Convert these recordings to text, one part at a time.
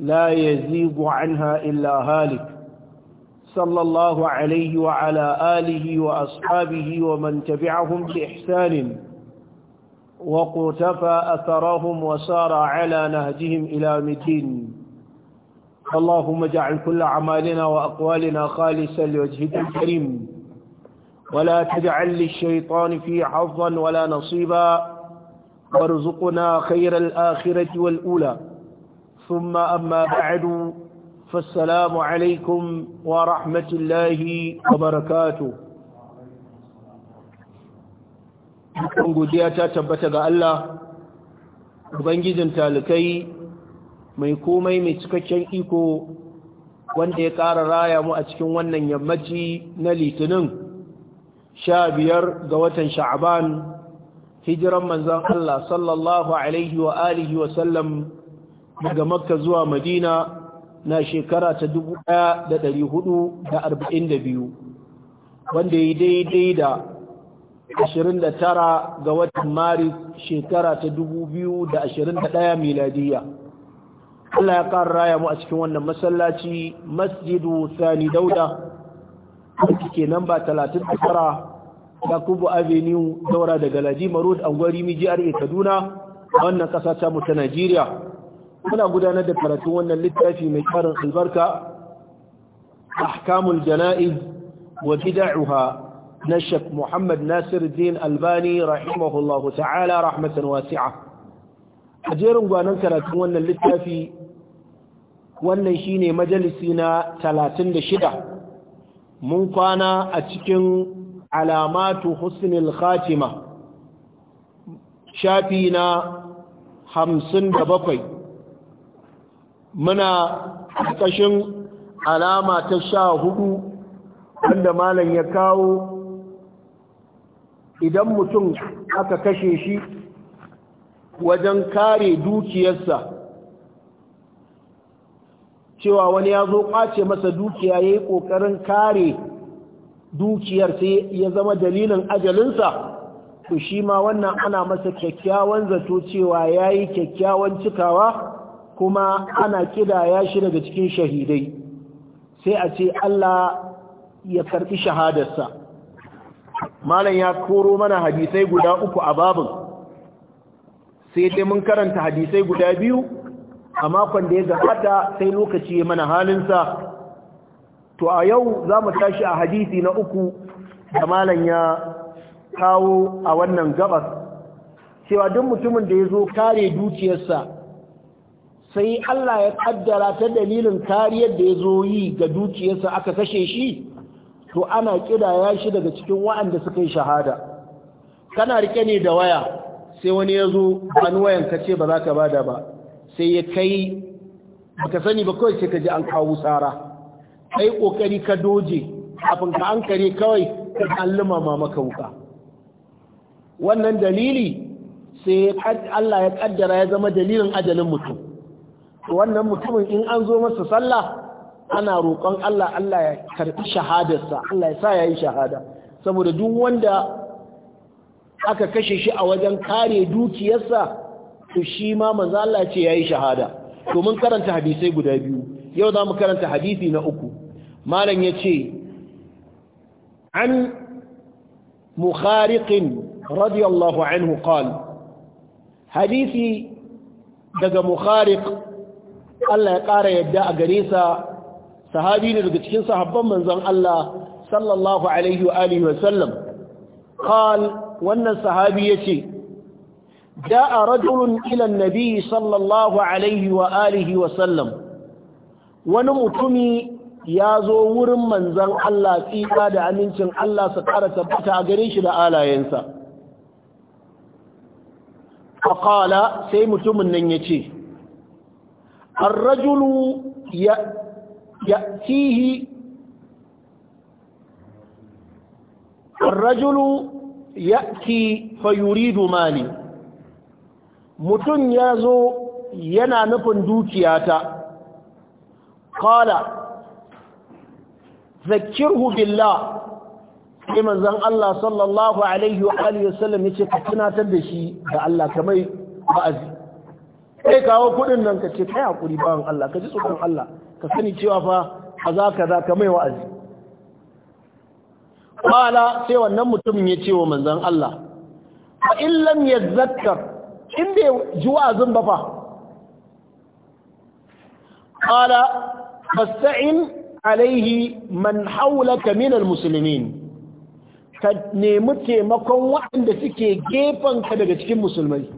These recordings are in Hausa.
لا يزيغ عنها إلا هالك صلى الله عليه وعلى آله وأصحابه ومن تبعهم بإحسان وقتفى أثرهم وسار على نهجهم إلى مدين اللهم اجعل كل عمالنا وأقوالنا خالصا لوجهك الكريم ولا تجعل للشيطان في حظا ولا نصيبا وارزقنا خير الآخرة والأولى ثم أما بعد فالسلام عليكم ورحمة الله وبركاته Dukkan godiya ta tabbata ga Allah, Ubangijin talikai mai komai mai cikakken iko wanda ya ƙara raya mu a cikin wannan yammaci na litinin sha biyar ga watan sha'aban hijiran manzan Allah sallallahu Alaihi wa alihi wa sallam daga makka zuwa madina na shekara ta 1442 wanda ya daidai da 29 ga watan maris shekara ta 2021 miladiyya Allah ya ƙara raya mu a cikin wannan masallaci masjidu sani dauda wanda ke nan ba 39 yakubu avenue daura daga ladima road gwari miji kaduna wannan ƙasa ta mu ta najeriya muna gudanar da karatun wannan littafi mai karin albarka ahkamul jana'iz wa bid'aha na Sheikh Muhammad din Albani rahimahullahu ta'ala rahmatan wasi'a a jerin gwanan karatun wannan littafi wannan shine majalisi na 36 mun kwana a cikin alamatu husnul khatima shafi na 57 muna ƙashin alama ta sha hudu wanda malam ya kawo idan mutum aka kashe shi wajen kare dukiyarsa cewa wani ya zo ƙwace masa dukiya ya yi ƙoƙarin kare dukiyar sai ya zama dalilin ajalinsa to shi ma wannan ana masa kyakkyawan zato cewa ya yi kyakkyawan cikawa kuma ana ya shi daga cikin shahidai sai a ce Allah ya karbi shahadarsa malam ya koro mana hadisai guda uku a babin sai dai mun karanta hadisai guda biyu a makon da ya gabata sai lokaci ya mana halinsa to a yau za mu tashi a hadisi na uku da malam ya kawo a wannan gabas cewa duk mutumin da ya zo kare dukiyarsa sai Allah ya kaddara ta dalilin kariyar da ya zo yi ga dukiyarsa aka kashe shi to ana kira ya shi daga cikin wa'anda suka yi shahada kana rike ne da waya sai wani ya zo an wayan ka ce ba za ka bada ba sai ya kai baka sani ba kawai ce ka ji an kawo tsara kai kokari ka doje kafin ka an kare kawai ka an lumama maka wuka wannan dalili sai Allah ya kaddara ya zama dalilin ajalin mutum wannan mutumin in an zo masa sallah ana roƙon Allah Allah ya karɓi shahadarsa Allah ya sa ya yi shahada saboda duk wanda aka kashe shi a wajen kare dukiyarsa to shi ma manzo Allah ce yi shahada to mun karanta hadisai guda biyu yau za mu karanta hadisi na uku malam yace an mukarikin radiyallahu anhu qal hadisi daga mukhariq Allah ya ƙara yadda a gare sa sahabi ne daga cikin sahabban manzon Allah sallallahu alaihi wa alihi wa sallam qal wannan sahabi yace جاء رجل إلى النبي صلى الله عليه وآله ya zo wurin manzan Allah tsira da amincin Allah su ƙara tabbata a gare shi da alayensa. Faƙala sai mutumin nan ya ce, الرجل يأتيه الرجل يأتي فيريد مالي متن يزو yana nufin dukiyata kala zakirhu billah sai manzon Allah sallallahu alaihi wa alihi wasallam yace ka tunatar da shi da Allah kamar ba'azi kai kawo kuɗin nan ka ce kai hakuri bawan Allah ka ji tsoron Allah ka sani cewa fa a za ka mai wa'azi qala sai wannan mutumin ya ce wa manzon Allah fa in lam yazakkar in bai ji wa'azin ba fa qala fasta'in alaihi man hawlaka min musulmin, ka nemi taimakon waɗanda suke gefanka daga cikin musulmai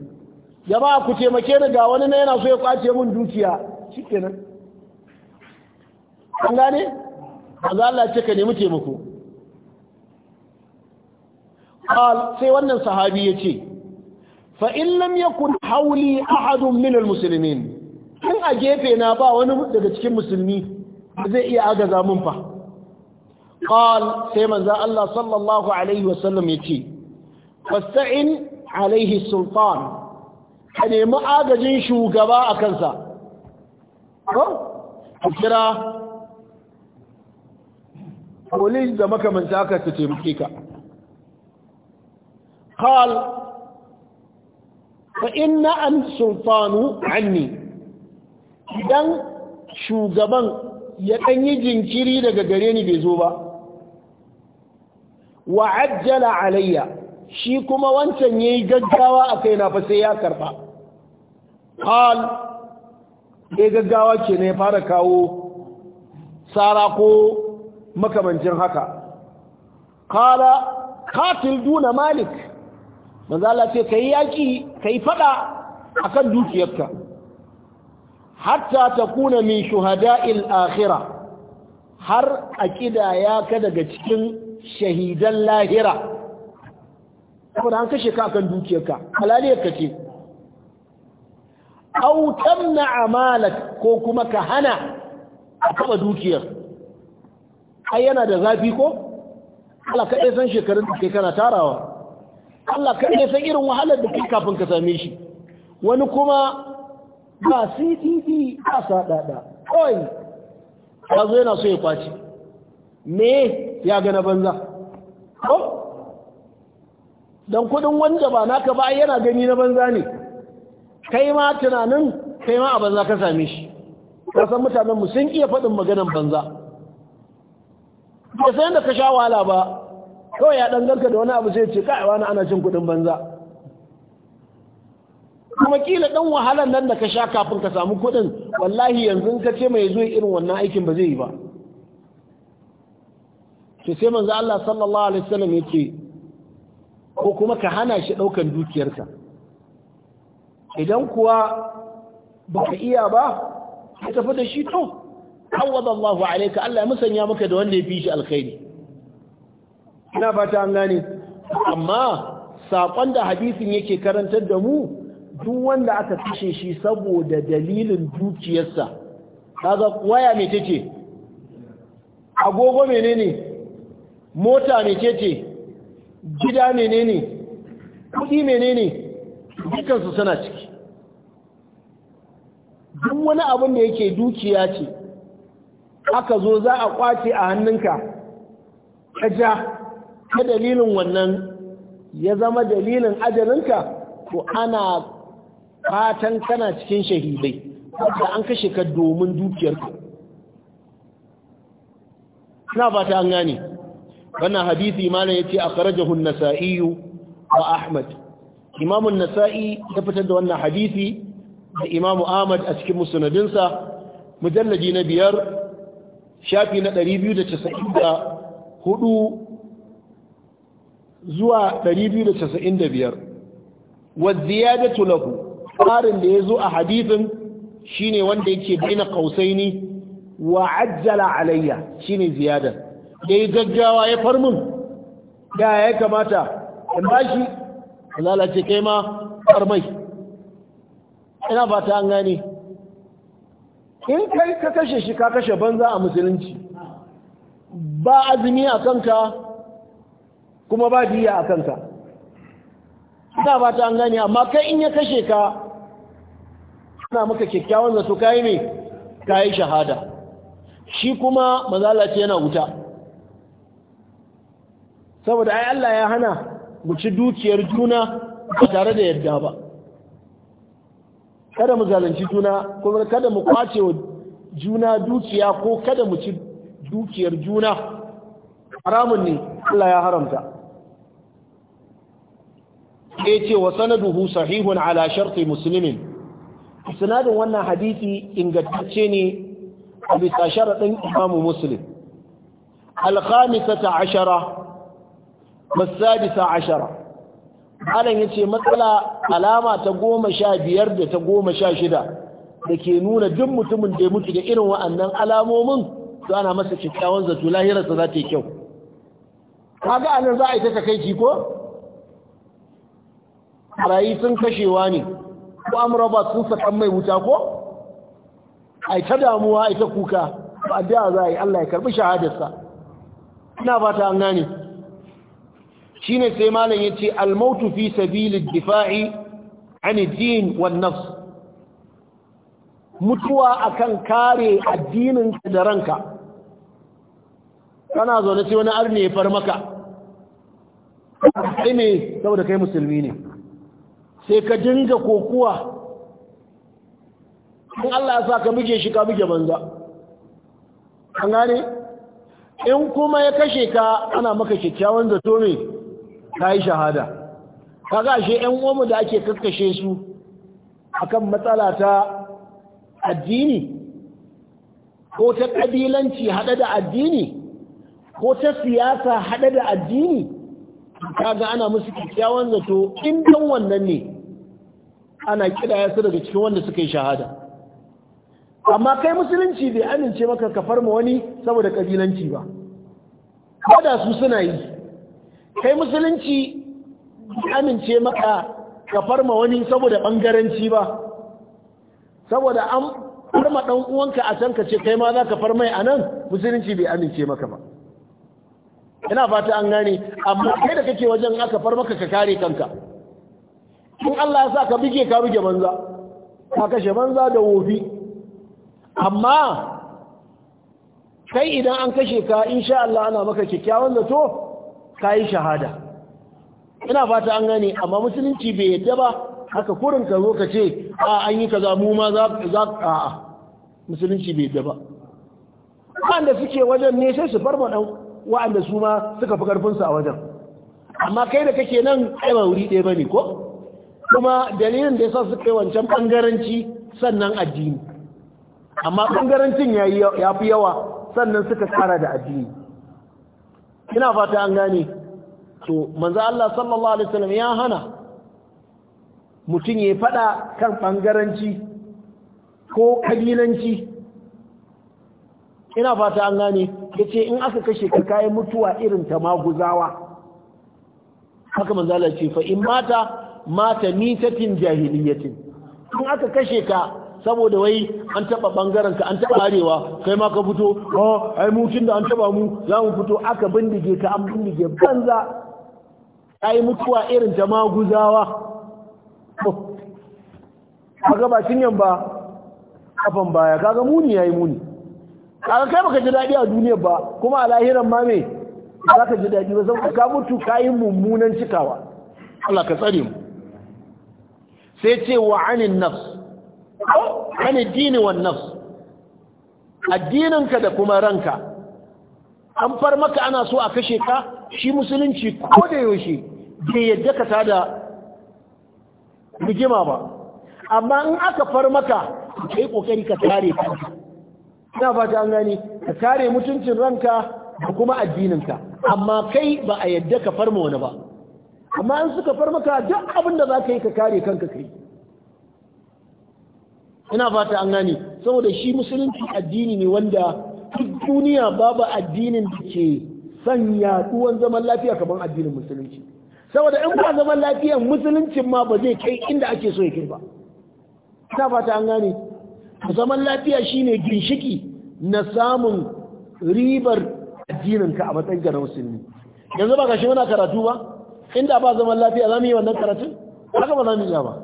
jama'a ku taimake ni ga wani na yana so ya kwace min dukiya shikenan an gane manzo Allah ce ka nemi taimako qal sai wannan sahabi yace fa in lam yakun hawli ahadun min almuslimin in a gefe na ba wani daga cikin musulmi zai iya agaza mun fa qal sai manzo Allah sallallahu alaihi wasallam yace fasta'in alaihi sultan ka nemi agajin shugaba a kansa a kira polis da makamanta aka ta taimake ka قال فإن أن سلطان عني idan shugaban ya ɗan yi jinkiri daga gare ni bai zo ba wa ajjala alayya shi kuma wancan ya yi gaggawa a kaina fa sai ya karɓa. qal ɗaya gaggawa ke ne fara kawo tsara ko makamancin haka qala qatil duna malik manzo Allah ce yaƙi yaki kai faɗa akan dukiyarka hatta kuna min shuhada'il akhira, har a kidaya ka daga cikin shahidan lahira saboda kashe ka akan dukiyarka ka ce au tamna amalak ko kuma ka hana a taba dukiyar ai yana da zafi ko Allah kaɗai san shekarun da kai kana tarawa Allah kaɗai san irin wahalar da ke kafin ka same shi wani kuma ba ctd ba sa ɗaɗa kawai ya zo yana so ya kwaci me ya gana banza ko don kudin wanda ba naka ba yana gani na banza ne kai ma tunanin kai ma a banza ka same shi kasan mutanen mu sun iya faɗin maganan banza ba sai da ka sha wahala ba kawai ya ɗan da wani abu sai ce kai wani ana cin kuɗin banza kuma kila ɗan wahalar nan da ka sha kafin ka samu kuɗin wallahi yanzu ka ce mai zuwa irin wannan aikin ba zai yi ba to sai manzo Allah sallallahu alaihi wasallam yake ko kuma ka hana shi ɗaukan dukiyarka idan kuwa baka iya ba ka tafi da shi to awwada Allahu alayka Allah ya musanya maka da wanda ya fi alkhairi ina fata an gane amma sakon da hadisin yake karantar da mu duk wanda aka kashe shi saboda dalilin dukiyarsa kaga waya me tace agogo menene mota me tace gida menene kudi menene su suna ciki duk wani abin da yake dukiya ce aka zo za a kwace a hannunka ka ja dalilin wannan ya zama dalilin ajalinka to ana fatan kana cikin shahidai da an kashe ka domin dukiyarka na fata an gane wannan hadisi mana ya ce a karajahun nasa'iyu wa ahmad imamun nasa'i ya fitar da wannan hadisi da imamu ahmad a cikin musnadinsa mujallaji na biyar shafi na 294 zuwa 295 wa da lahu tsarin da ya zo a hadithin shine wanda yake baina ni. wa ajjala alayya shine ziyada dai gaggawa ya farmin da ya kamata in bashi Allah ce kai ma farmai ina ba ta an gane in kai ka kashe shi ka kashe banza a musulunci ba azumi a kanka kuma ba diya a kanka ina ba ta an gane amma kai in ya kashe ka ana maka kyakkyawan zato kayi ne kayi shahada shi kuma mazala ce yana wuta saboda ai Allah ya hana mu ci dukiyar juna ba tare da yadda ba kada mu zalunci juna kuma kada mu kwace wa juna dukiya ko kada mu ci dukiyar juna haramun ne Allah ya haramta ya ce wa sanaduhu sahihun ala sharti muslimin sanadin wannan hadisi ingantacce ne a bisa sharaɗin imamu muslim al-khamisata ashara masadisa ashara Alan ya ce matsala alama ta goma sha biyar da ta goma sha shida da ke nuna duk mutumin da ya mutu da irin wa'annan alamomin su ana masa kyakkyawan zato lahirarsa za ta yi kyau Ka ga anan za a yi ta takaici ko rayi sun kashewa ne ko amuraba sun sakan mai wuta ko a ta damuwa a ta kuka ba da za a yi allah ya karɓi shahadarsa ina fata an gane shine sai malam ya al-mautu fi difa'i an ad-din nafs mutuwa akan kare addinin da ranka kana zaune na ce wani arne ya far maka sai ne saboda kai musulmi ne sai ka dinga kokuwa in Allah ya sa ka muke shi ka buge banza an gane in kuma ya kashe ka ana maka kyakkyawan zato ne ta yi shahada kaga ashe yan uwanmu da ake kakkashe su akan matsala ta addini ko ta ƙabilanci haɗe da addini ko ta siyasa haɗe da addini kaga ana musu kyakkyawan zato in wannan ne ana kira su daga cikin wanda suka yi shahada amma kai musulunci bai amince maka kafar mu wani saboda ƙabilanci ba ko da su suna yi kai musulunci amince maka ka farma wani saboda bangaranci ba saboda an farma dan uwanka a can ka ce kai ma za ka farmai a nan musulunci bai amince maka ba ina fata an gane amma kai da kake wajen aka farma maka ka kare kanka in Allah ya sa ka bige ka buge banza ka kashe banza da wofi amma kai idan an kashe ka insha Allah ana maka kyakkyawan zato kayi shahada ina fata an gane amma musulunci bai yadda ba haka kurin ka zo ka ce a an yi kaza mu ma za a musulunci bai yadda ba wanda suke wajen ne sai su bar madan wa'anda su ma suka fi karfin a wajen amma kai da kake nan kai ba wuri ɗaya bane ko kuma dalilin da yasa suka yi wancan bangaranci sannan addini amma bangarancin yayi yafi yawa sannan suka tsara da addini ina fata an gane to manzo Allah sallallahu alaihi wasallam ya hana mutum ya fada kan bangaranci ko kabilanci ina fata an gane yace in aka kashe ka kai mutuwa irin ta maguzawa haka manzo Allah ya ce fa in mata mata mitatin jahiliyatin in aka kashe ka saboda wai an taba bangaren ka an taba arewa kai ma ka fito oh ai mu da an taba mu za mu fito aka bindige ka an bindige banza ai mutuwa irin ta maguzawa oh, kaga ba cinyan ba kafan baya kaga muni yayi muni kaga kai baka ji dadi a duniyar ba kuma a lahiran ma me zaka ji dadi ba saboda ka mutu kai mummunan cikawa Allah ka tsare mu sai ce wa anin nafs ko kan dini wan nafs addininka da kuma ranka an far maka ana so a kashe ka shi musulunci ko da yaushe bai yadda ka tada rigima ba amma in aka far maka kai kokari ka kare ka. ina fata an gani ka kare mutuncin ranka da kuma addininka amma kai ba a yadda ka farma wani ba amma in suka far maka duk abin da za ka yi ka kare kanka kai ina fata an gane saboda shi musulunci addini ne wanda duk duniya babu addinin da ke son yaduwan zaman lafiya kamar addinin musulunci saboda in ba zaman lafiyan musuluncin ma ba zai kai inda ake so ya kai ba ina fata an gane zaman lafiya shine ginshiki na samun ribar addinin ka a matsayin ga musulmi yanzu ba shi muna karatu ba inda ba zaman lafiya zamu yi wannan karatun haka ba za mu yi ba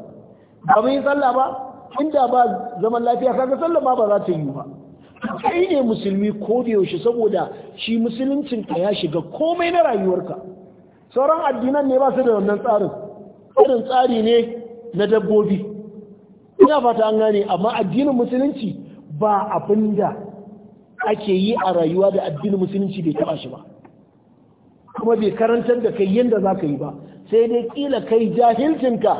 ba mu yi sallah ba inda ba zaman lafiya kaga sallah ba za ta yi ba kai ne musulmi ko da yaushe saboda shi musuluncin ka ya shiga komai na rayuwarka sauran addinan ne ba su da wannan tsarin irin tsari ne na dabbobi ina fata an gane amma addinin musulunci ba abin da ake yi a rayuwa da addinin musulunci bai taba shi ba kuma bai karantar da kai yadda za ka yi ba sai dai kila kai jahilcinka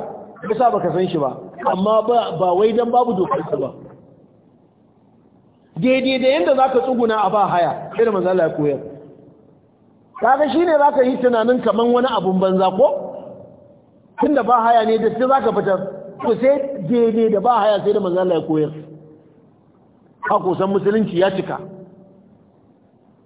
ka sa baka san shi ba amma ba wai don babu dokar ba daidai da yadda za ka tsuguna a ba haya sai da manzala ya koyar kaga shi ne za ka yi tunanin kamar wani abun banza ko tun da ba haya ne da ta za ka fitar to sai daidai da ba haya sai da manzala ya koyar a kusan musulunci ya cika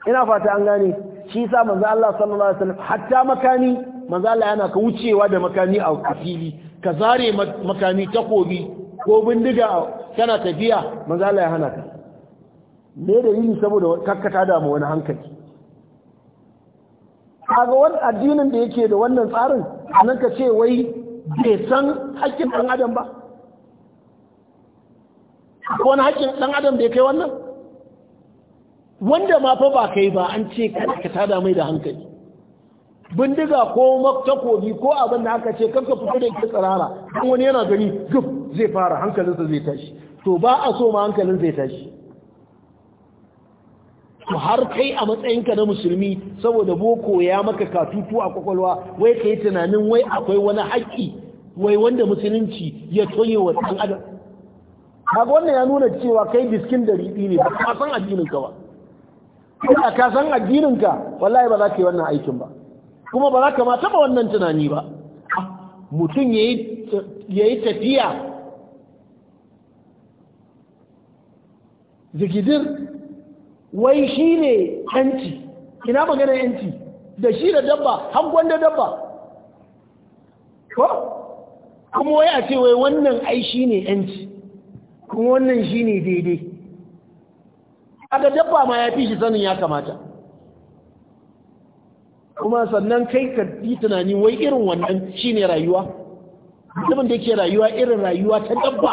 ina fata an gane shi sa manzo Allah sallallahu alaihi wasallam hatta makani manzo Allah yana ka wucewa da makani a fili ka zare makami takobi ko bindiga kana tafiya mazala ya hana ka me da yi saboda kakkata da mu wani hankali kaga wani addinin da yake da wannan tsarin nan ka ce wai bai san haƙƙin ɗan adam ba wani haƙƙin ɗan adam da ya kai wannan wanda ma fa ba kai ba an ce ka tada da hankali bindiga ko takobi ko abin da aka ce kanka fito da ke tsirara don wani yana gani duk zai fara hankalinsa zai tashi to ba a so ma hankalin zai tashi to har kai a matsayinka na musulmi saboda boko ya maka katutu a kwakwalwa wai ka yi tunanin wai akwai wani haƙƙi wai wanda musulunci ya toye wa ɗan adam haka wannan ya nuna cewa kai biskin da riɗi ne ba ka san addininka ka ba ka san addininka? ka wallahi ba za ka yi wannan aikin ba kuma ba za ka ma taɓa wannan tunani ba ah, mutum ya yi tafiya zikidir wai shi ne yanci ina magana yanci da shi da dabba hangon da dabba ko kuma wai a ce wai wannan ai shi ne yanci kuma wannan shi ne daidai A ga dabba ma ya fi shi sanin ya kamata kuma sannan kai ka yi tunani wai irin wannan shi ne rayuwa mutumin da yake rayuwa irin rayuwa ta dabba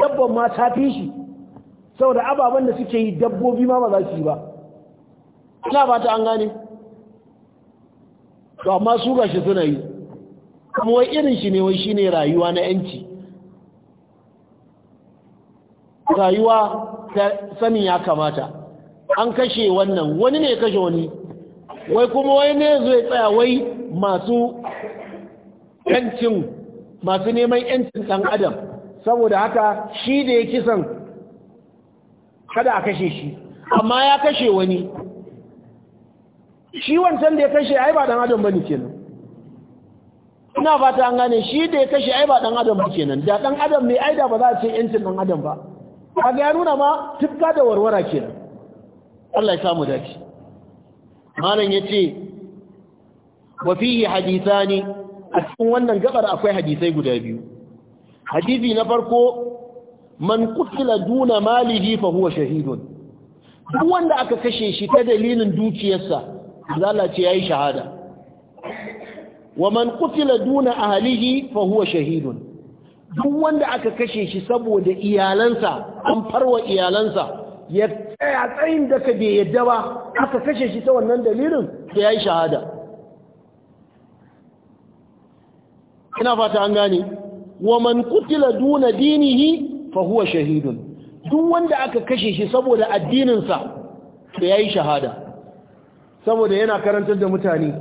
dabban ma ta fi shi saboda ababen da suke yi dabbobi ma ba za su yi ba ina ba ta an gane to amma su shi suna yi kuma wai irin shi ne wai shi ne rayuwa na yanci rayuwa ta sanin ya kamata an kashe wannan wani ne ya kashe wani wai kuma wai ne zai tsaya wai masu yancin masu neman yancin ɗan adam saboda haka shi da ya kisan kada a kashe shi amma ya kashe wani shi wancan da ya kashe ai ba ɗan adam ba ne kenan ina fata an gane shi da ya kashe ai ba ɗan adam ba kenan da ɗan adam ne ai da ba za a ce yancin ɗan adam ba ga ya nuna ma tufka da warwara kenan Allah ya samu dace malam yace wa fihi hadithani a cikin wannan gabar akwai hadisai guda biyu hadisi na farko man qutila duna malihi fa huwa shahidun duk wanda aka kashe shi ta dalilin dukiyarsa zalla ce yayi shahada wa man qutila duna ahlihi fa huwa shahidun duk wanda aka kashe shi saboda iyalansa an farwa iyalansa ya tsaya tsayin da ka bai yadda ba aka kashe shi ta wannan dalilin da ya yi shahada ina fata an gane wa man kutila duna dinihi fa huwa shahidun duk wanda aka kashe shi saboda addininsa da ya yi shahada saboda yana karantar da mutane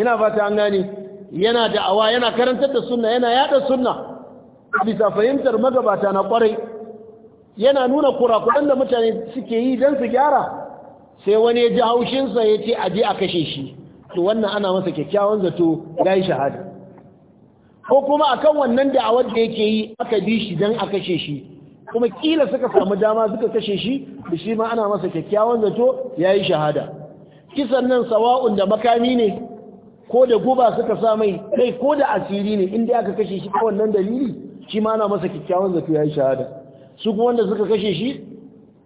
ina fata an gane yana da'awa yana karantar da sunna yana yada sunna bisa fahimtar magabata na kwarai yana nuna kurakuran da mutane suke yi don su gyara sai wani ya ji haushinsa ya ce aje a kashe shi to wannan ana masa kyakkyawan zato ya yi shahada ko kuma a kan wannan da'awar da yake yi aka bi shi don a kashe shi kuma kila suka samu dama suka kashe shi da shi ma ana masa kyakkyawan zato ya yi shahada kisan nan sawa'un da makami ne ko da guba suka sa mai kai ko da asiri ne inda aka kashe shi ta wannan dalili shi ma ana masa kyakkyawan zato ya yi shahada su kuma wanda suka kashe shi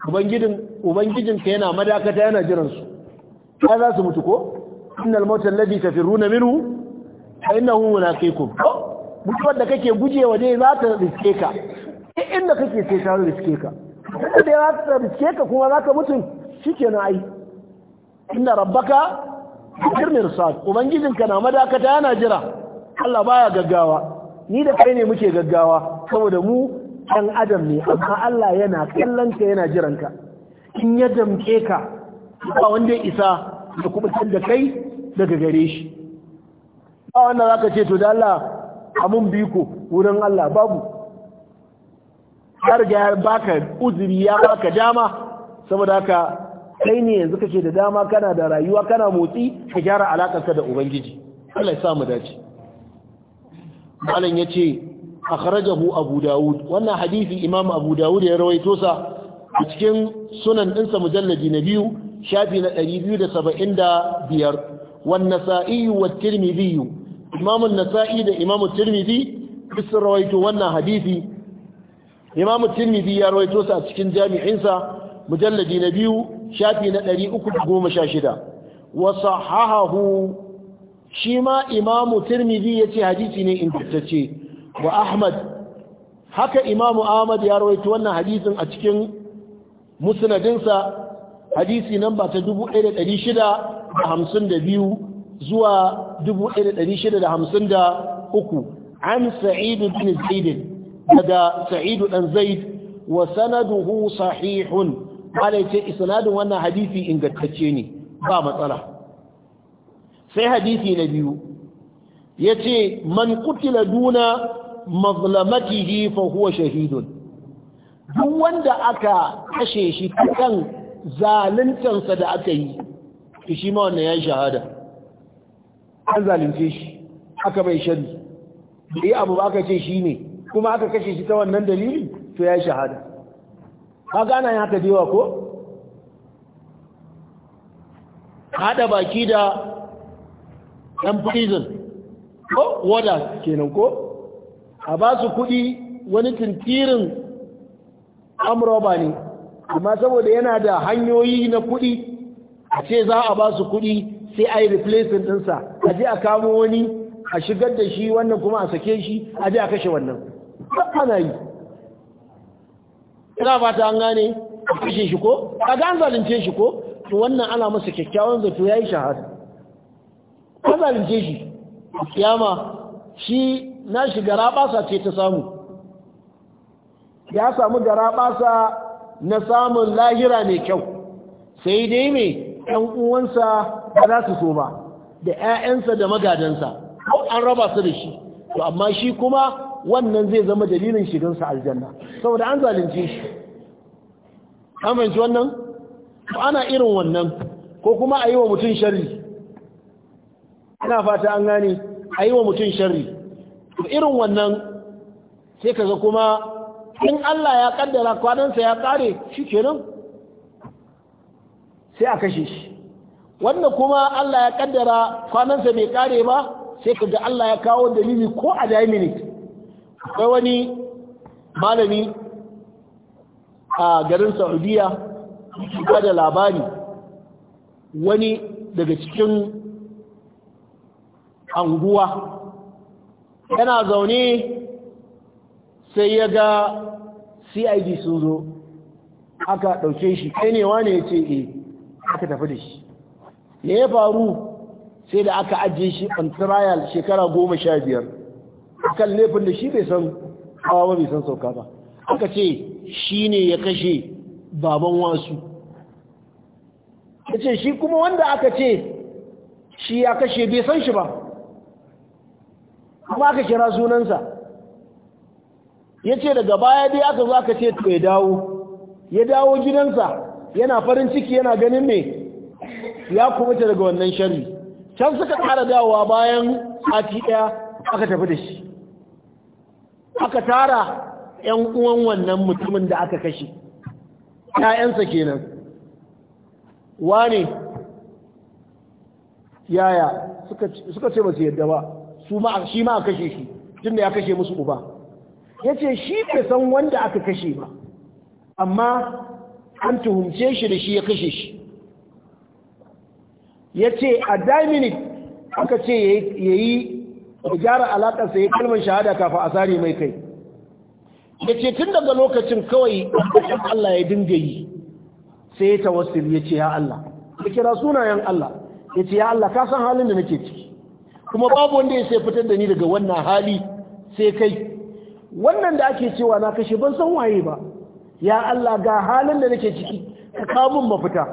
ubangijin ka yana madakata yana jiransu ya za su mutu ko innal mautal A ina hunwa na kai mulaqikum mutuwar da kake guje wa dai za ta riske ka inda kake sai ta riske ka inda dai za ta riske ka kuma za ka mutu na ai inna rabbaka kirmir sa'at ubangijinka na madakata yana jira Allah baya gaggawa ni da kai ne muke gaggawa saboda mu ɗan adam ne amma Allah yana kallon yana jiran ka in ya damke ka ba wanda ya isa da kuma da kai daga gare shi ba wanda ka ce to da Allah amun biko wurin Allah babu har ga baka uzuri ya baka dama saboda haka kai ne yanzu kake da dama kana da rayuwa kana motsi ka gyara alakarka da ubangiji Allah ya sa mu dace malam yace akhrajahu abu daud wannan hadisi imam abu daud ya rawaito sa a cikin sunan dinsa mujalladi na biyu shafi na 275 wan nasa'i wa tirmidhi imam an-nasa'i da imam at-tirmidhi sun rawaito wannan hadisi imam at-tirmidhi ya rawaito sa a cikin jami'insa mujalladi na biyu shafi na 316 wa sahahahu shi ma imam at-tirmidhi yace hadisi ne ingantacce wa ahmad haka imamu ahmad ya rawaito wannan hadisin a cikin musnadinsa hadisi namba ta 1652 zuwa 1653 an sa'id bin zaid daga sa'id dan zaid wa sanaduhu sahihun alaice isnadin wannan hadisi ingantacce ne ba matsala sai hadisi na biyu yace man kutila duna mazlamatihi fa huwa shahidun duk wanda aka kashe shi kan sa da aka yi shi ma wannan ya shahada an zalunce shi aka bai shari dai yi ba aka ce shi ne kuma aka kashe shi ta wannan dalili to ya shahada ka gana ya ta dewa ko? haɗa baki da ɗan prison ko wada kenan ko? a ba su kuɗi wani tuntirin amuraba ne amma saboda yana da hanyoyi na kuɗi a ce za a ba su kuɗi sai a yi replacing ɗinsa a je a kamo wani a shigar da shi wannan kuma a sake shi a je a kashe wannan ana yi ina fata an gane a kashe shi ko a ga an zalunce shi ko to wannan ana masa kyakkyawan zato ya yi shahada an zalunce shi kiyama shi na shi garaɓasa ce ta samu ya samu garaɓasa na samun lahira mai kyau sai dai mai ɗan uwansa ba za su so ba da 'ya'yansa da magadansa an raba su da shi to amma shi kuma wannan zai zama dalilin shigansa aljanna saboda an zalunce shi amince wannan Ko ana irin wannan ko kuma a yi wa mutum sharri ina fata an gane a yi wa mutum sharri to irin wannan sai kaga kuma in Allah ya kaddara kwanansa ya kare shi kenan sai a kashe shi wanda kuma Allah ya kaddara kwanansa bai kare ba sai kaga Allah ya kawo dalili ko a minute akwai wani malami a garin saudiya ba da labari wani daga cikin anguwa yana zaune sai ya ga cid sun zo aka ɗauke shi kai ne wane ya ce e aka tafi da shi me ya faru sai da aka ajiye shi on trial shekara goma sha biyar kan laifin da shi bai san hawa ba bai san sauka ba aka ce shi ne ya kashe baban wasu ya ce shi kuma wanda aka ce shi ya kashe bai san shi ba kuma aka kira sunansa ya ce daga baya dai aka zo aka ce ya dawo ya dawo gidansa yana farin ciki yana ganin me ya ta daga wannan shari can suka tara dawowa bayan sati ɗaya aka tafi da shi aka tara 'yan uwan wannan mutumin da aka kashe ‘ya'yansa kenan wane yaya suka ce ba su yadda ba su ma shi ma a kashe shi tunda ya kashe musu uba yace shi bai san wanda aka kashe ba amma an tuhumce shi da shi ya kashe shi yace a daminit aka ce yayi gyara alakar sa ya kalmar shahada kafin a sare mai kai yace tun daga lokacin kawai Allah ya dinga yi sai ya tawassul yace ya Allah ya kira sunayen Allah yace ya Allah ka san halin da nake ciki kuma babu wanda ya sai fitar da ni daga wannan hali sai kai wannan da ake cewa na kashe ban san waye ba ya Allah ga halin da nake ciki ka kawo min mafita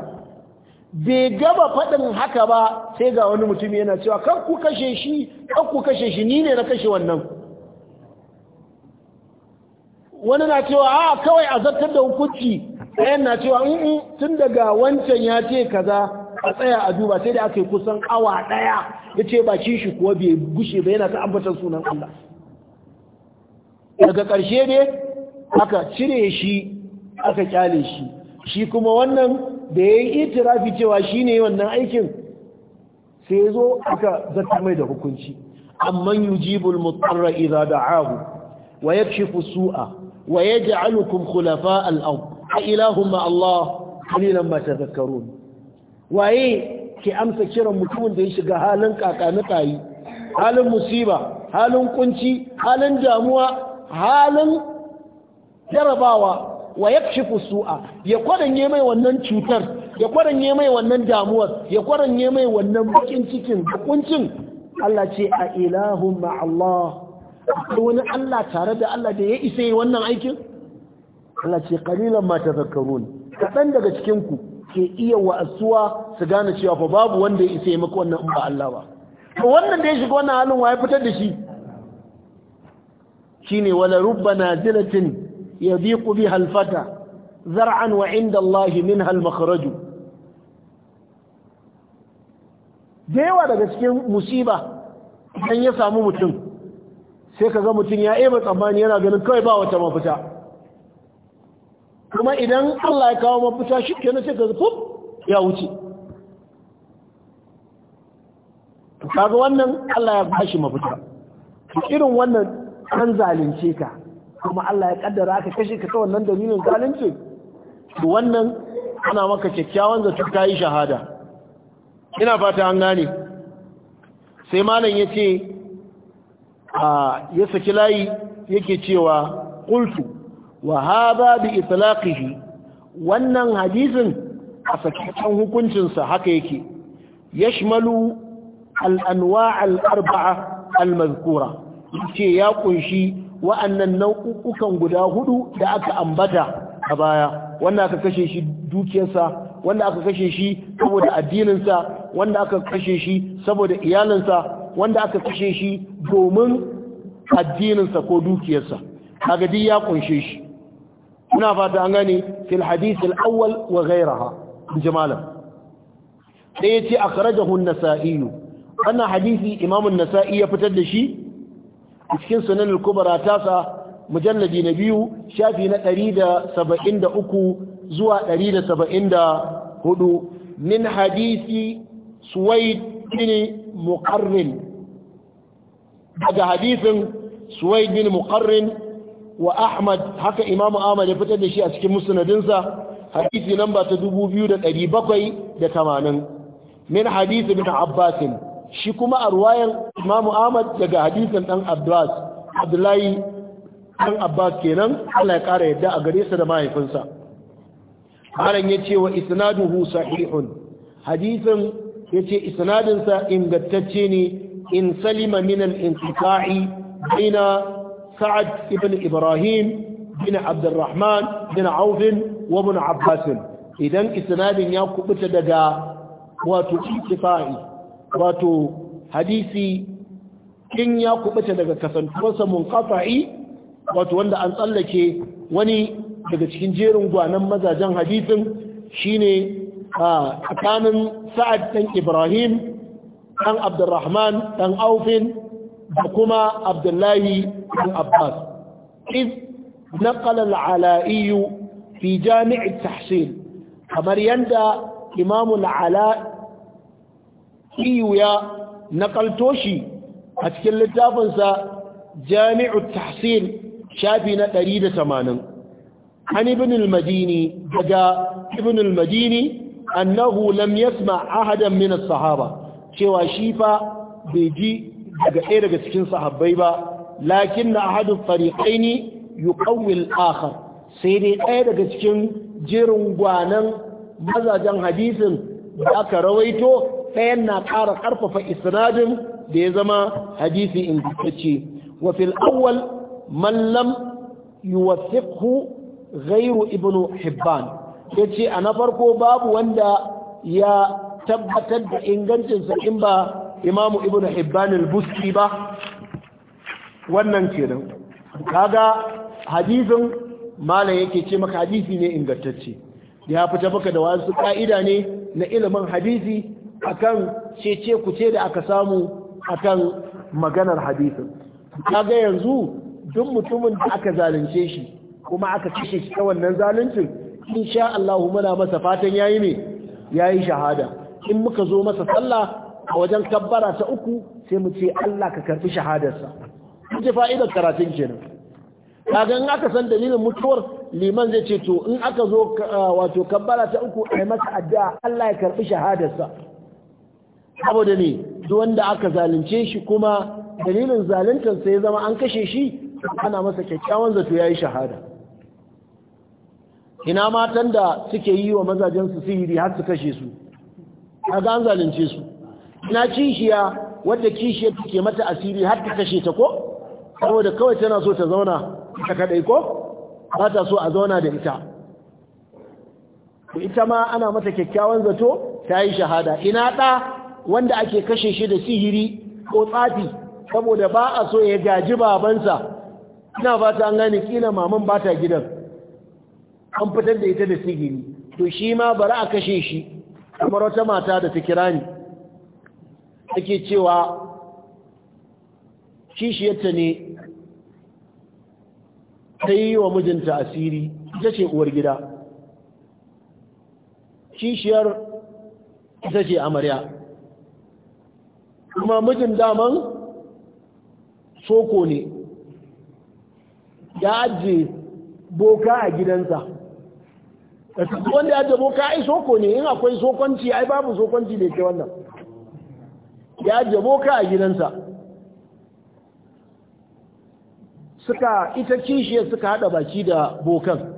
bai gaba faɗin haka ba sai ga wani mutum yana cewa kan ku kashe shi kan ku kashe shi ni ne na kashe wannan wani na cewa a kawai a zartar da hukunci ɗayan na cewa tun daga wancan ya ce kaza a tsaya a duba sai da aka yi kusan awa ɗaya ya ce bakin shi kuwa bai gushe ba yana ta ambatar sunan Allah daga ƙarshe ne aka cire shi aka kyale shi shi kuma wannan da ya yi itirafi cewa shi ne wannan aikin sai ya zo aka zata mai da hukunci amma yujibul mutarra idza da'ahu wa yakshifu su'a wa yaj'alukum kulafa al-ard ilahumma Allah qalilan ma tadhakkarun waye ke amsa kiran mutumin da ya shiga halin kakanikayi halin musiba halin kunci halin damuwa halin jarabawa wa yakshifu su'a ya kwaranye mai wannan cutar ya kwaranye mai wannan damuwar ya kwaranye mai wannan bakin cikin kuncin Allah ce a ilahun ma'allah wani Allah tare da Allah da ya isa yi wannan aikin? Allah ce kalilan ma zakarun kaɗan daga cikinku ke iya wa'asuwa su gane cewa fa babu wanda ya isa ya maka wannan ba Allah ba to wannan da ya shiga wannan halin ya fitar da shi shine wala rubbana zilatin yadiqu biha alfata zar'an wa 'inda Allah minha almakhraju dewa daga cikin musiba dan ya samu mutum sai kaga mutum ya eba tsammani yana ganin kawai ba wata mafita kuma idan Allah ya kawo mafita shi ke sai ka zufuf ya wuce kaga wannan Allah ya bashi mafita irin wannan an zalunce ka kuma Allah ya kaddara ka kashe ka ta wannan dalilin zalunci wannan ana maka kyakkyawan zato ta yi shahada ina fata an gane sai malam yace a ya saki layi yake cewa qultu wa hadha bi itlaqihi wannan hadisin a sakakken hukuncinsa haka yake yashmalu al-anwa' al-arba'a al-mazkura yace ya kunshi wa'annan nau'ukan guda hudu da aka ambata a baya wanda aka kashe shi dukiyarsa wanda aka kashe shi saboda addininsa wanda aka kashe shi saboda iyalinsa wanda aka kashe shi domin addininsa ko dukiyarsa kaga duk ya kunshe shi Muna fata an gane fil hadith al-awwal wa ghayraha jamalan sai yace akhrajahu an-nasa'i wannan hadisi imam an-nasa'i ya fitar da shi a cikin sunan al-kubra tasa mujalladi na biyu shafi na 173 zuwa 174 min hadisi suwaid bin muqarrin daga hadisin suwaid bin muqarrin wa ahmad haka Imam ahmad ya fitar da shi a cikin musnadinsa hadisi namba ta 2780 min hadisi bin abbas shi kuma a ruwayan imamu ahmad daga hadisin dan abbas abdullahi dan abbas kenan Allah ya kara yadda a gare sa da mahaifinsa haran yace wa isnaduhu sahihun hadisin yace isnadinsa ingantacce ne in salima min al intiqai baina سعد ابن إبراهيم بن عبد الرحمن بن عوف وابن عباس إذن إسناد يقوم تدقى واتو إتفاعي واتو حديثي إن يقوم تدقى كسنفوس منقطعي واتو وند أن tsallake wani daga cikin jerin gwanan mazajen hadisin shine a tsakanin sa'ad ɗan ibrahim ɗan abdurrahman ɗan aufin da kuma abdullahi bin abbas iz naqala al fi jami'i at kamar yadda imam al ya naqalto shi a cikin littafinsa jami'u jami' shafi na 180 an ibn al-madini daga ibn al-madini annahu lam yasma ahadan min as-sahaba cewa shi fa bai ji daga ɗaya daga cikin sahabbai ba lakin na ahadu fariƙaini yuqawwil akhar sai dai ɗaya daga cikin jirin gwanan mazajen hadisin da aka rawaito ɗayan na ƙara ƙarfafa isnadin da ya zama hadisi ingantacce wa fil awwal man lam yuwathiqhu ghayru ibnu hibban yace a na farko babu wanda ya tabbatar da ingancinsa in ba imamu ibn hibban al-busti ba wannan kenan kaga hadisin malam yake ce maka hadisi ne ingantacce ya fita maka da wasu ka'ida ne na ilimin hadisi akan cece kuce da aka samu akan maganar hadisin kaga yanzu duk mutumin da aka zalunce shi kuma aka kashe shi ta wannan zaluncin insha Allah muna masa fatan yayi ne yayi shahada in muka zo masa sallah a wajen kabbara ta uku sai mu ce Allah ka karbi shahadarsa kun ji fa'idar karatun kenan kaga in aka san dalilin mutuwar liman zai ce to in aka zo ah, wato kabbara ta uku a masa addu'a Allah ya karbi shahadarsa saboda ne duk wanda aka zalunce shi kuma dalilin zaluntar sai zama an kashe shi ana masa kyakkyawan zato yayi shahada ina matan da suke yi wa mazajen su sihiri har su kashe su kaga an zalunce su na kishiya wadda kishiya take mata asiri har ta kashe ta ko saboda kawai tana so ta zauna ta kadai ko ba ta so a zauna da ita ita ma ana mata kyakkyawan zato ta yi shahada ina ɗa wanda ake kashe shi da sihiri ko tsafi saboda ba a so ya gaji babansa ina fata an gane kila maman ba ta gidan an fitar da ita da sihiri to shi ma bari a kashe shi kamar wata mata da ta kira ni ake cewa kishiyarta ne ta yi wa mijinta asiri ita ce uwar gida kishiyar ita ce amarya kuma mijin daman soko ne ya ajiye boka a gidansa wanda ya ajiye boka ai soko ne in akwai sokonci ai babu sokonci da ke wannan ya jabo boka a gidansa suka ita kishiya suka hada baki da bokan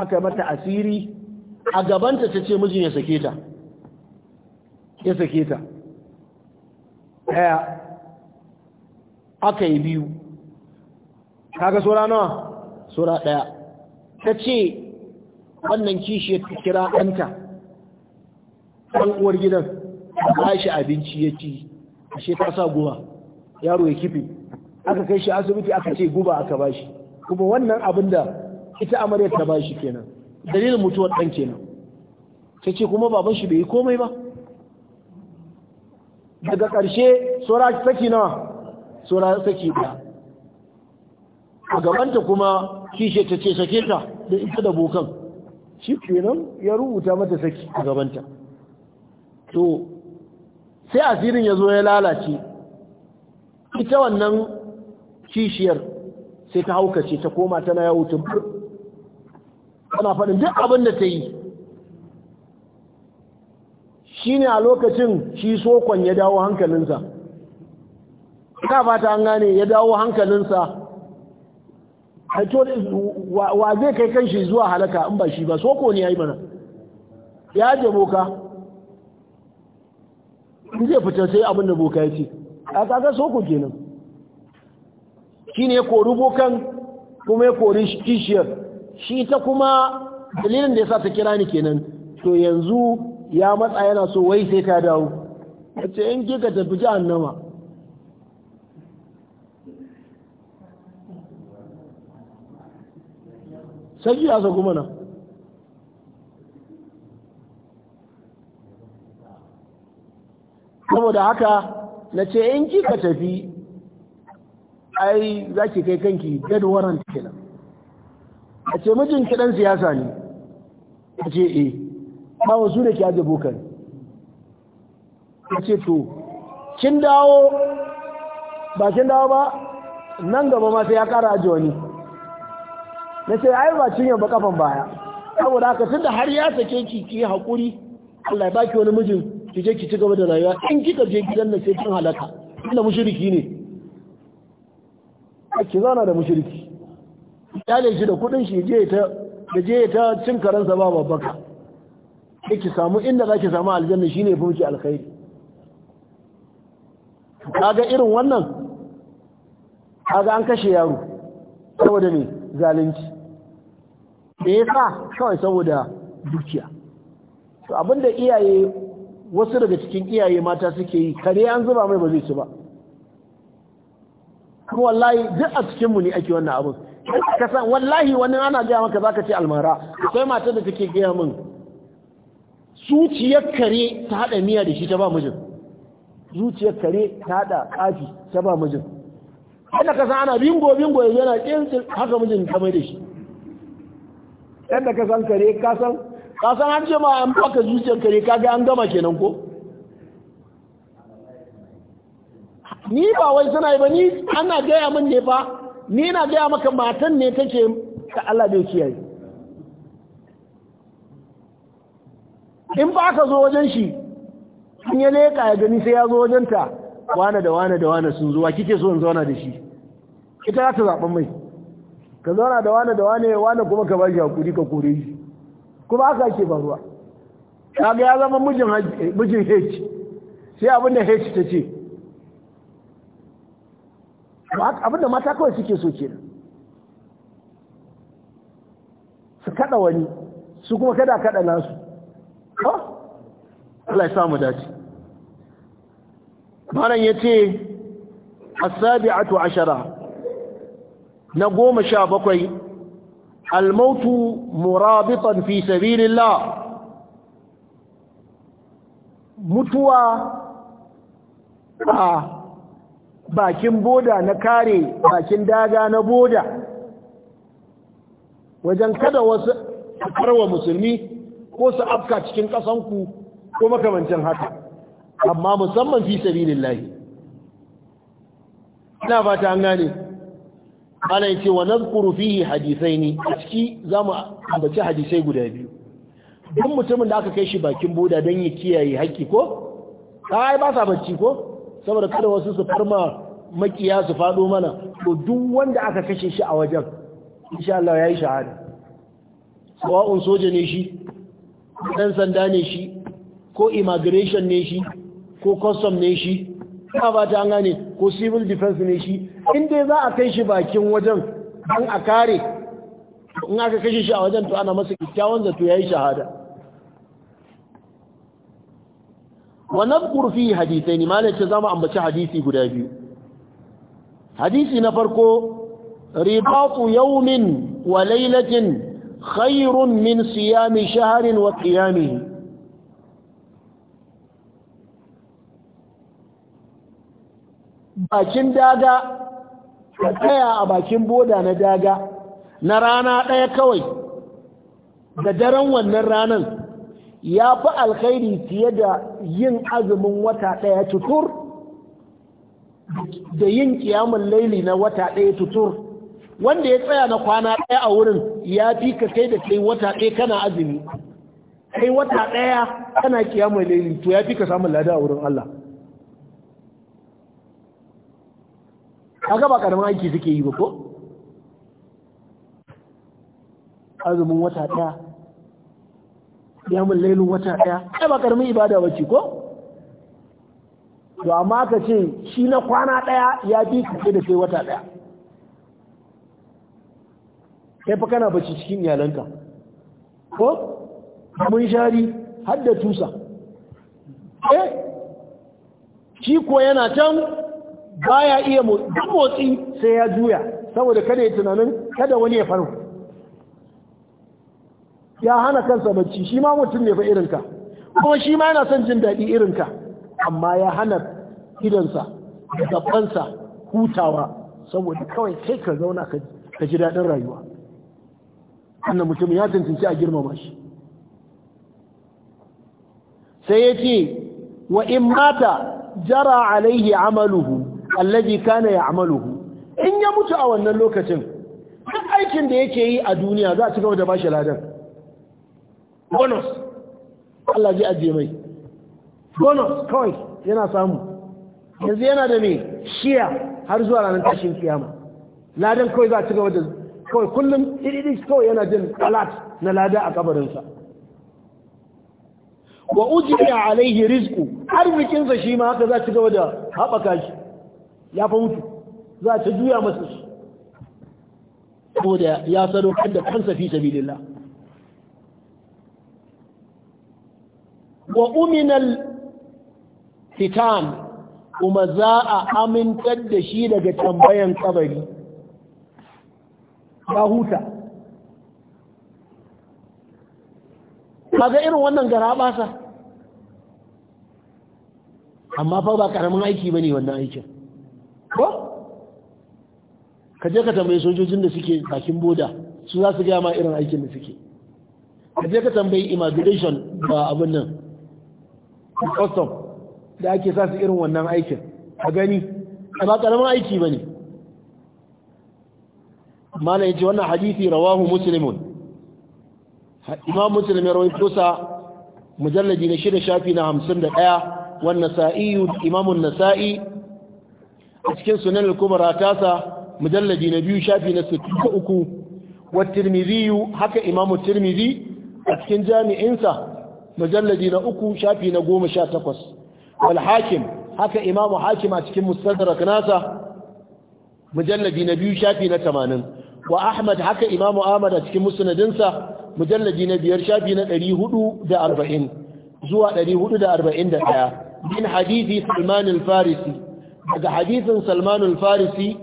aka mata asiri a gabanta ta ce mijin ya sake ta ya sake ta daya aka yi biyu kaga sura nawa sura daya ta ce wannan kishiyar ta kira ɗanta ɗan uwar gidan ba shi abinci ya ci ashe ta sa guba yaro ya kife aka kai shi asibiti aka ce guba aka bashi kuma wannan abin da ita amaryar ta bashi kenan dalilin mutuwar dan kenan ta ce kuma baban shi bai yi komai ba daga ƙarshe tsora saki nawa tsora saki ɗaya a gabanta kuma kishe ta ce sake ta da ita da bokan shi kenan ya rubuta mata saki a gabanta to sai asirin ya zo ya lalace ita wannan kishiyar sai ta haukace ta koma tana yawo tumbur tana faɗin duk abin da ta yi shi ne a lokacin shi sokon ya dawo hankalinsa ta fata an gane ya dawo hankalinsa wa zai kai kan shi zuwa halaka in ba shi ba soko ne ya yi mana ya je boka in zai fita sai abin da boka ya ce a kaga soko kenan shine ya kori bokan kuma ya kori kishiyar shi ta kuma dalilin da ya sa ta kira ni kenan to yanzu ya matsa yana so wai sai ta dawo ce in giga tafi nama. sai ya kuma mana saboda haka na ce in kika tafi ai za ki kai kanki gadwaran warrant kenan a ce mijin kiɗan siyasa ne a ce eh ba wasu da ke aje bokan a ce to kin dawo ba kin dawo ba nan gaba ma sai ya ƙara aje wani na ce ai ba cinye ba kafan baya saboda haka tunda har ya sake ki ki haƙuri Allah ya baki wani mijin ki je ki ci gaba da rayuwa in kika je gidan nan sai kin halaka inda mushriki ne ki zana da mushriki kyale shi da kudin shi je ta da je ta cin karansa ba babbaka ki samu inda zaki samu aljanna shine fi miki alkhairi kaga irin wannan kaga an kashe yaro saboda ne zalunci me yasa kawai saboda dukiya to abinda iyaye wasu daga cikin iyaye mata suke yi kare an zuba mai ba zai ci ba kuma wallahi duk a cikin mu ne ake wannan abu ka san wallahi wani ana gaya maka zaka ce almara sai matar da take gaya min zuciyar kare ta hada miya da shi ta ba mijin zuciyar kare ta hada kafi ta ba mijin yadda ka san ana bingo bingo yana tsinsin haka mijin ta mai da shi yadda ka san kare ka san ka san an ce ma an baka zuciyar kare kaga an gama kenan ko ni ba wai suna yi ba ni ana gaya min ne fa ni na gaya maka matan ne take ka Allah bai kiyaye in ba ka zo wajen shi in ya leka ya gani sai ya zo wajen ta wane da wane da wane sun zuwa kike so in zauna da shi ita za ta zaɓen mai ka zauna da wane da wane wane kuma ka ba shi hakuri ka kore shi kuma aka ake faruwa kaga ya zama mijin mijin h sai abin da h ta ce abin da mata kawai suke so kenan su kada wani su kuma kada kada nasu Allah ya samu dace maran yace as-sabi'atu ashara na goma sha bakwai الموت murabitan fi sabilillah mutuwa a bakin boda na kare bakin daga na boda wajen kada wasu karwa musulmi ko su afka cikin kasanku ko makamancin haka amma musamman fi sabilillahi ina fata an gane ana ce wa nadhkuru fihi ne a ciki za mu ambaci hadisai guda biyu Don mutumin da aka kai shi bakin boda don ya kiyaye haƙƙi ko ta ba sa bacci ko saboda kada wasu su farma makiya su faɗo mana to duk wanda aka kashe shi a wajen insha Allah yi shahada sawa'un soja ne shi Ɗan sanda ne shi ko immigration ne shi ko custom ne shi ta ba ta gane ko civil defense ne shi in dai za a kai shi bakin wajen don a kare in aka kashe shi a wajen to ana masa kyakkyawan zato ya yi shahada wa nadkur fi hadithai ne malai ce za mu ambaci hadisi guda biyu hadisi na farko ribatu yawmin wa lailatin khairun min siyami shaharin wa qiyamihi bakin daga ka tsaya a bakin boda na daga na rana ɗaya kawai da daren wannan ranan, ya fi alkhairi fiye da yin azumin wata ɗaya tutur da yin kiyamun laili na wata ɗaya tutur wanda ya tsaya na kwana ɗaya a wurin ya fi ka kai da kai wata ɗaya kana azumi kai wata ɗaya kana kiyamun laili to ya fi ka samun lada a wurin Allah kaga ba karamin aiki suke yi ba ko azumin wata ɗaya yamin lailun wata ɗaya ai ba karamin ibada ba ko to amma ka ce shi na kwana ɗaya ya fi kace da kai wata ɗaya kai fa kana bacci cikin iyalanka ko mun shari har da tusa eh shi ko yana can baya iya motsi sai ya juya saboda kada ya tunanin kada wani ya faru ya hana kansa bacci shi ma mutum ne fa irinka kuma shi ma yana son jin daɗi ka. amma ya hana idansa gabansa hutawa saboda kawai kai ka zauna ka ji daɗin rayuwa wannan mutum ya tantance a girmama shi sai ya ce wa in mata jara alaihi amaluhu allazi kana ya'maluhu in ya mutu a wannan lokacin duk aikin da yake yi a duniya za a ci gaba da bashi ladan bonus Allah ji aje mai bonus kawai yana samu yanzu yana da me shiya har zuwa ranar tashin kiyama ladan kawai za a ci da kawai kullum ididis kawai yana jin alat na lada a kabarinsa wa ujiya alaihi rizqu arzikinsa shi ma haka za ci gaba da haɓaka shi ya fa mutu za ta juya masa su saboda ya sadaukar da kansa fi sabilillah wa uminal fitan kuma za a amintar da shi daga tambayan kabari ba huta kaga irin wannan gara basa amma fa ba karamin aiki bane wannan aikin ko ka ka tambayi sojojin da suke bakin boda su za su gaya ma irin aikin da suke Kaje ka tambayi immigration da abin nan custom da ake sa su irin wannan aikin a gani ba karamin aiki ba ne mana yace wannan hadisi rawahu muslimun imam muslim ya rawaito sa mujalladi na shida shafi na hamsin da ɗaya wannan sa'i imamun nasa'i a cikin sunan al-kubra tasa mujalladi na biyu shafi na uku. wa tirmidhi haka imamu tirmidhi a cikin jami'insa mujalladi na uku shafi na goma sha takwas. wal hakim haka imamu hakim a cikin mustadrak nasa mujalladi na biyu shafi na tamanin. wa ahmad haka imamu ahmad a cikin musnadinsa mujalladi na biyar shafi na ɗari da arba'in, zuwa ɗari da arba'in 441 min hadisi Salman al-Farisi daga hadisin Salman al-Farisi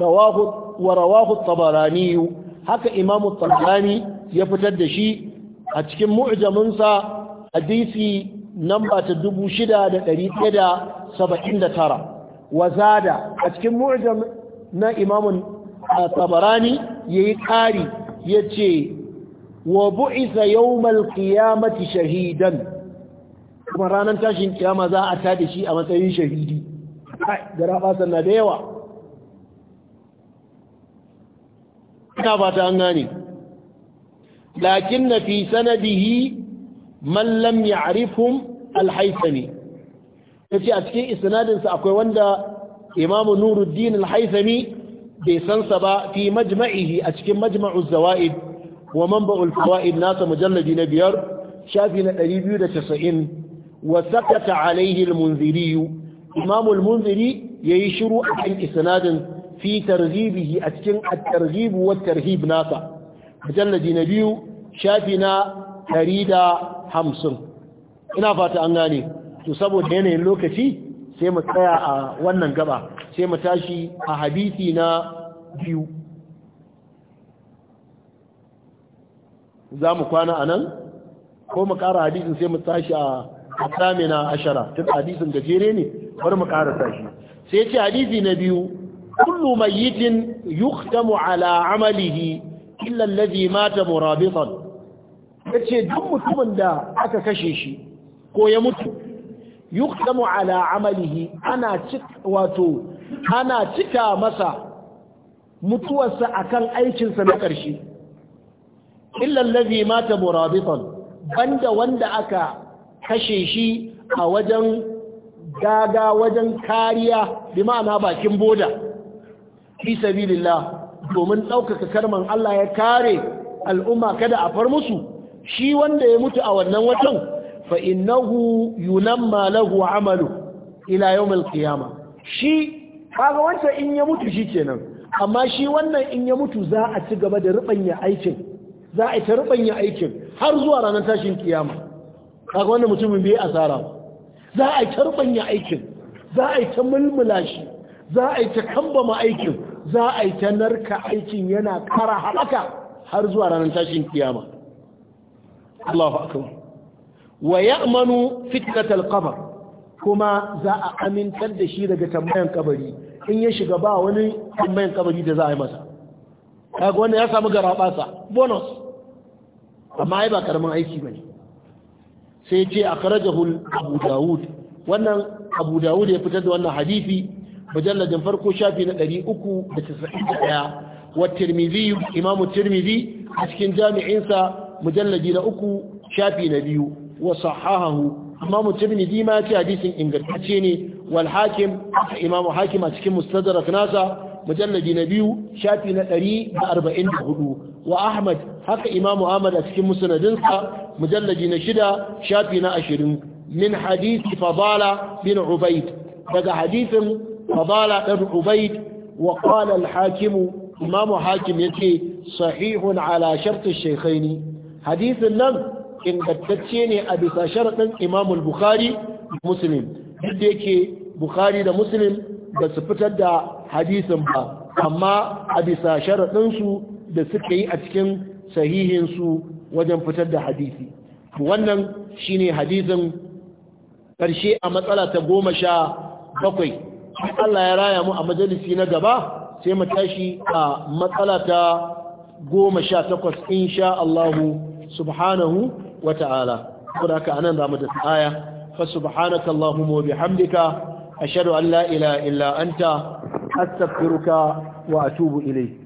rawahu wa rawahu tabarani haka Imam tabarani ya fitar da shi a cikin mu'jamin sa hadisi namba ta 6179 wa zada a cikin mu'jam na Imam tabarani yayi kari yace wa bu'isa yawmal qiyamati shahidan kuma ranar tashin kiyama za a tada shi a matsayin shahidi gara na da yawa ina ba ta gane lakin na fi sanadihi man lam ya'rifhum alhaisami haythami ce a cikin isanadinsa akwai wanda Imamu Nuruddin Alhaisami bai sansa ba fi majma'ihi a cikin majma'u zawaid wa manba'u fawaid nasa mujalladi na biyar shafi na 290 wa sakata alayhi al-munziri imamul munziri yayi shiru akan isnadin fi targhibihi a cikin at-targhib wa tarhib nasa mujalladi na biyu shafi na hamsin. ina fata an gane to saboda yanayin lokaci sai mu tsaya a wannan gaba sai mu tashi a hadisi na biyu za mu kwana a nan ko mu ƙara hadisin sai mu tashi a الثامنة عشرة تبقى حديث جزيرين ورم قارة شيء حديث نبي كل ميت يختم على عمله إلا الذي مات مرابطا yace duk mutumin da aka kashe shi ko ya mutu yuktamu ala amalihi ana wato ana cika masa mutuwarsa akan aikinsa na ƙarshe illa allazi mata murabitan banda wanda aka kashe shi a wajen gaga wajen kariya bi ma'ana bakin boda fi sabilillah domin ɗaukaka karman Allah ya kare al'umma kada a far musu shi wanda ya mutu a wannan watan fa innahu yunamma lahu amalu ila yawmil qiyama shi kaga wanda in ya mutu shi shikenan amma shi wannan in ya mutu za a ci gaba da rubanya aikin za a ta rubanya aikin har zuwa ranar tashin kiyama kaga wannan mutumin bai asara za a karbanya aikin za a yi ta mulmula shi za a yi ta kambama aikin za a yi ta narka aikin yana kara halaka har zuwa ranar tashin kiyama Allahu akbar wa ya'manu fitnatal qabr kuma za a amintar da shi daga tambayan kabari in ya shiga ba wani tambayan kabari da za a yi masa kaga wannan ya samu garabasa bonus amma ai ba karamin aiki bane sai ce akhrajahu abu Dawud wannan abu dawud ya fitar da wannan hadisi mujalladin farko shafi na 391 wa tirmizi imam tirmizi a cikin jami'insa mujalladi na uku shafi na biyu wa sahahahu imam tirmidhi ma ya ce hadisin ingantacce ne wal hakim imam hakim a cikin mustadrak nasa mujalladi na biyu shafi na hudu. wa Ahmad haka Imam Ahmad a cikin musnadinsa mujallaji na shida shafi na ashirin min hadisi Fadala bin Ubaid daga hadisin Fadala ɗan Ubaid wa qala al-Hakim Imam Hakim yace sahihun ala shart al-shaykhaini hadisin nan ingantacce ne a bisa sharadin Imam bukhari Muslim yadda yake Bukhari da Muslim ba su fitar da hadisin ba amma a bisa sharaɗinsu da suka yi a cikin sahihinsu wajen fitar da hadisi wannan shine hadisin ƙarshe a matsala ta goma sha bakwai Allah ya raya mu a majalisi na gaba sai mu tashi a matsala ta goma sha takwas insha Allahu subhanahu wa ta'ala saboda anan zamu da aya fa subhanaka allahumma wa bihamdika ashhadu an la ilaha illa anta astaghfiruka wa atubu ilayk